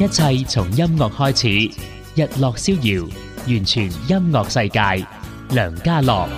一切從音樂開始，日落逍遙，完全音樂世界。梁家樂，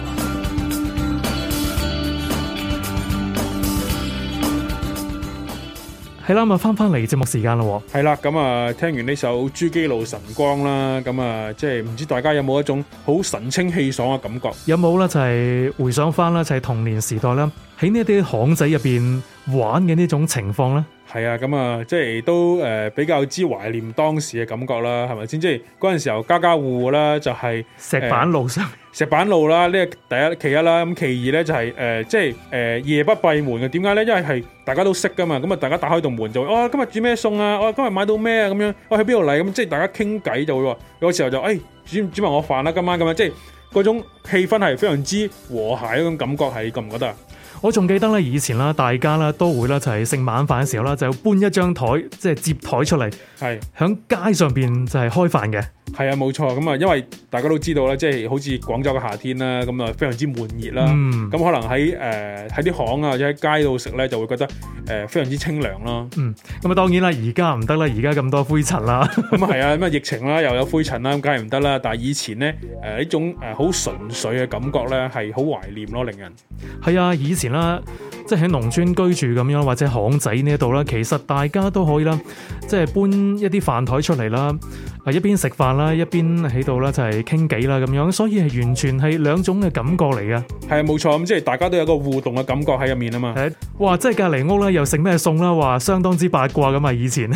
係啦，咁啊翻翻嚟節目時間咯，係啦，咁啊聽完呢首《珠璣路晨光》啦，咁啊即係唔知大家有冇一種好神清氣爽嘅感覺？有冇咧就係回想翻啦，就係童年時代啦喺呢啲巷仔入邊。玩嘅呢種情況咧，係啊，咁啊，即係都誒、呃、比較之懷念當時嘅感覺啦，係咪先？即係嗰陣時候家家戶戶啦，就係、是、石板路上、呃，石板路啦，呢、這個第一其一啦，咁其二咧就係、是、誒、呃、即係誒、呃、夜不閉門嘅，點解咧？因為係大家都識噶嘛，咁啊，大家打開棟門就哦、啊，今日煮咩餸啊？我、啊、今日買到咩啊？咁樣我喺邊度嚟？咁、啊、即係大家傾偈就會，有時候就誒、哎、煮煮埋我飯啦、啊，今晚咁樣，即係嗰種氣氛係非常之和諧嗰種感覺，係覺唔覺得？我仲記得咧，以前啦，大家啦都會啦，就係食晚飯嘅時候啦，就搬一張台，即係接台出嚟，係響是街上邊就係開飯嘅。係啊，冇錯。咁啊，因為大家都知道啦，即係好似廣州嘅夏天啦，咁啊，非常之悶熱啦。咁、嗯、可能喺誒喺啲巷啊或者喺街度食咧，就會覺得誒、呃、非常之清涼咯。嗯。咁啊，當然啦，而家唔得啦，而家咁多灰塵啦。咁啊係啊，咁啊 疫情啦，又有灰塵啦，咁梗係唔得啦。但係以前咧，誒、呃、一種誒好純粹嘅感覺咧，係好懷念咯，令人。係啊，以前。啦，即係喺農村居住咁樣，或者巷仔呢度啦，其實大家都可以啦，即係搬一啲飯台出嚟啦，啊一邊食飯啦，一邊喺度啦就係傾偈啦咁樣，所以係完全係兩種嘅感覺嚟㗎。係啊，冇錯，咁即係大家都有個互動嘅感覺喺入面啊嘛。係，哇，即係隔籬屋啦，又食咩餸啦，話相當之八卦㗎嘛以前。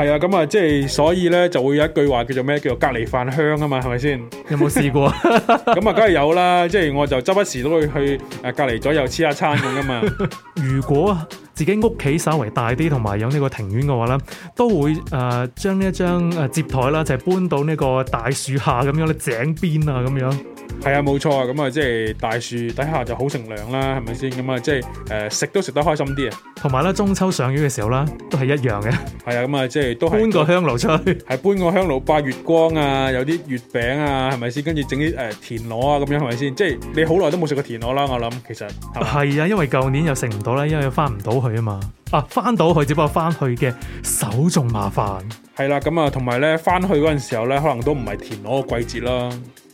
係啊，咁啊，即係所以咧，就會有一句話叫做咩？叫做隔籬飯香啊嘛，係咪先？有冇試過？咁啊，梗係有啦，即、就、係、是、我就周不時都會去誒、啊、隔籬左右黐下餐咁啊嘛。 如果自己屋企稍微大啲，同埋有呢個庭院嘅話咧，都會誒將呢一張誒接台啦，就係、是、搬到呢個大樹下咁樣咧，井邊啊咁樣。係啊，冇錯啊，咁、嗯、啊，即係大樹底下就好乘涼啦，係咪先？咁、嗯、啊，即係誒、呃、食都食得開心啲啊，同埋咧中秋賞月嘅時候啦，都係一樣嘅。係啊，咁啊，即係都係搬個香爐出去，係搬個香爐，擺月光啊，有啲月餅啊，係咪先？跟住整啲誒田螺啊，咁樣係咪先？即係你好耐都冇食過田螺啦，我諗其實係啊，因為舊年又食唔到啦，因為翻唔到去啊嘛。啊，翻到去只不過翻去嘅手仲麻煩。係啦，咁啊，同埋咧翻去嗰陣時候咧，可能都唔係田螺嘅季節啦。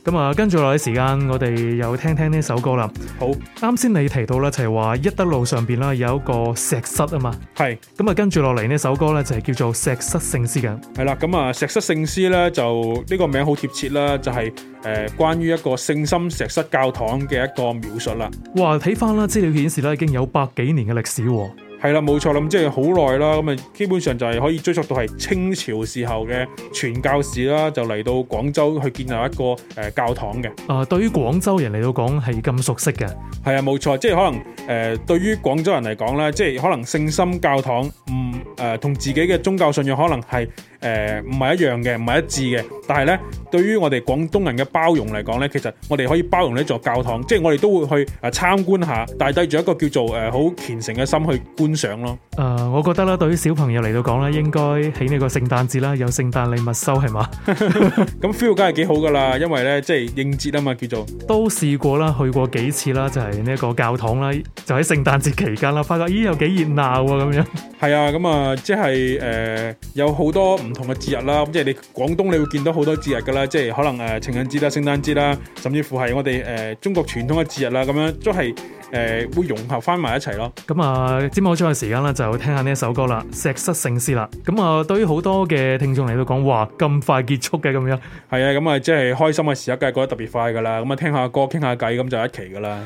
咁啊，跟住落嚟時間，我哋又聽聽呢首歌啦。好，啱先你提到啦，就係話一德路上邊啦有一個石室啊嘛。係。咁啊，跟住落嚟呢首歌咧就係叫做石室聖師嘅。係啦，咁啊，石室聖師咧就呢個名好貼切啦，就係誒關於一個聖心石室教堂嘅一個描述啦。哇，睇翻啦，資料顯示咧已經有百幾年嘅歷史。係啦，冇錯啦，咁即係好耐啦，咁，啊基本上就係可以追溯到係清朝時候嘅傳教士啦，就嚟到廣州去建立一個、呃、教堂嘅。啊，對於廣州人嚟到講係咁熟悉嘅。係啊，冇錯，即係可能誒、呃、對於廣州人嚟講咧，即係可能聖心教堂唔、呃、同自己嘅宗教信仰可能係。誒唔係一樣嘅，唔係一致嘅。但係呢，對於我哋廣東人嘅包容嚟講呢，其實我哋可以包容呢座教堂，即係我哋都會去啊參觀下。但係帶住一個叫做誒好虔誠嘅心去觀賞咯。誒，uh, 我覺得啦，對於小朋友嚟到講呢，應該喺呢個聖誕節啦，有聖誕禮物收係嘛？咁 feel 梗係幾好㗎啦，因為呢即係應節啊嘛，叫做都試過啦，去過幾次啦，就係、是、呢個教堂啦，就喺聖誕節期間啦，發覺咦有幾熱鬧喎咁樣。係 啊，咁、嗯、啊，即係誒、呃、有好多唔同嘅節日啦，咁即係你廣東，你會見到好多節日噶啦，即係可能誒、呃、情人節啦、聖誕節啦，甚至乎係我哋誒、呃、中國傳統嘅節日啦，咁樣都係誒會融合翻埋一齊咯。咁啊，節目開嘅時間咧，就聽下呢一首歌啦，《石室聖詩》啦。咁啊，對於好多嘅聽眾嚟都講話咁快結束嘅咁樣，係啊，咁、嗯、啊，即係開心嘅時刻，梗係過得特別快噶啦。咁、嗯、啊，聽下歌，傾下偈，咁就一期噶啦。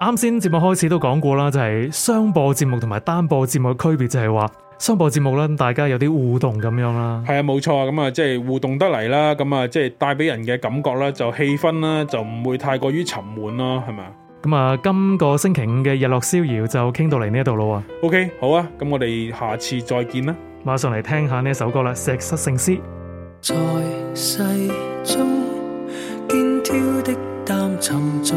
啱先節目開始都講過啦，就係、是、雙播節目同埋單播節目嘅區別，就係話。收播節目啦，大家有啲互動咁樣啦。係啊，冇錯啊，咁啊，即係互動得嚟啦，咁啊，即係帶俾人嘅感覺啦，就氣氛啦，就唔會太過於沉悶咯，係咪。咁啊，今個星期五嘅日落逍遙就傾到嚟呢一度咯。OK，好啊，咁我哋下次再見啦。馬上嚟聽一下呢一首歌啦，《石室聖詩》。在世中肩挑的擔沉重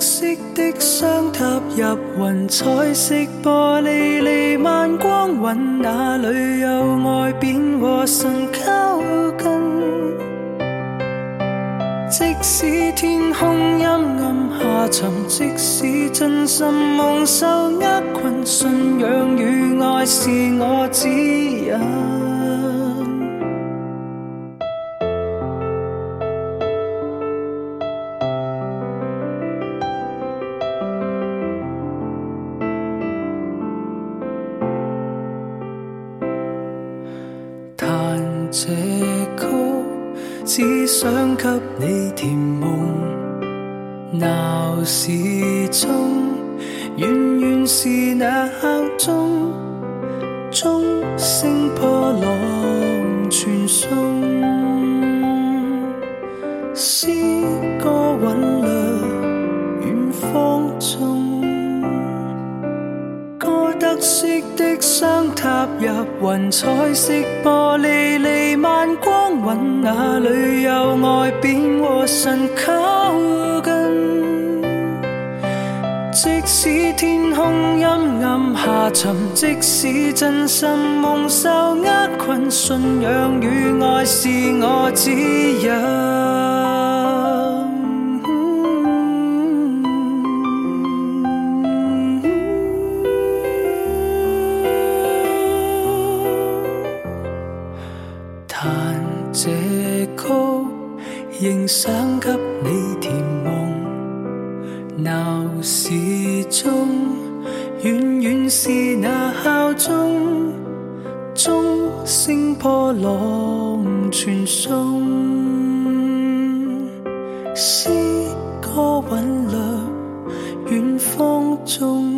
色的雙塔入雲，彩色玻璃彌漫光暈，那裏有愛便和神靠近。即使天空陰暗下沉，即使真心蒙受厄困，信仰與愛是我指引。只想給你甜夢鬧時鐘，遠遠是那刻鐘，鐘聲破浪傳送，詩歌韻律遠方中。.色的雙塔入雲，彩色玻璃，彌漫光暈。那裏有愛，便和神靠近。即使天空陰暗下沉，即使真心蒙受厄困，信仰與愛是我指引。仍想給你甜夢，鬧時鐘，遠遠是那敲鐘，鐘聲破浪傳送，詩歌韻律遠方中。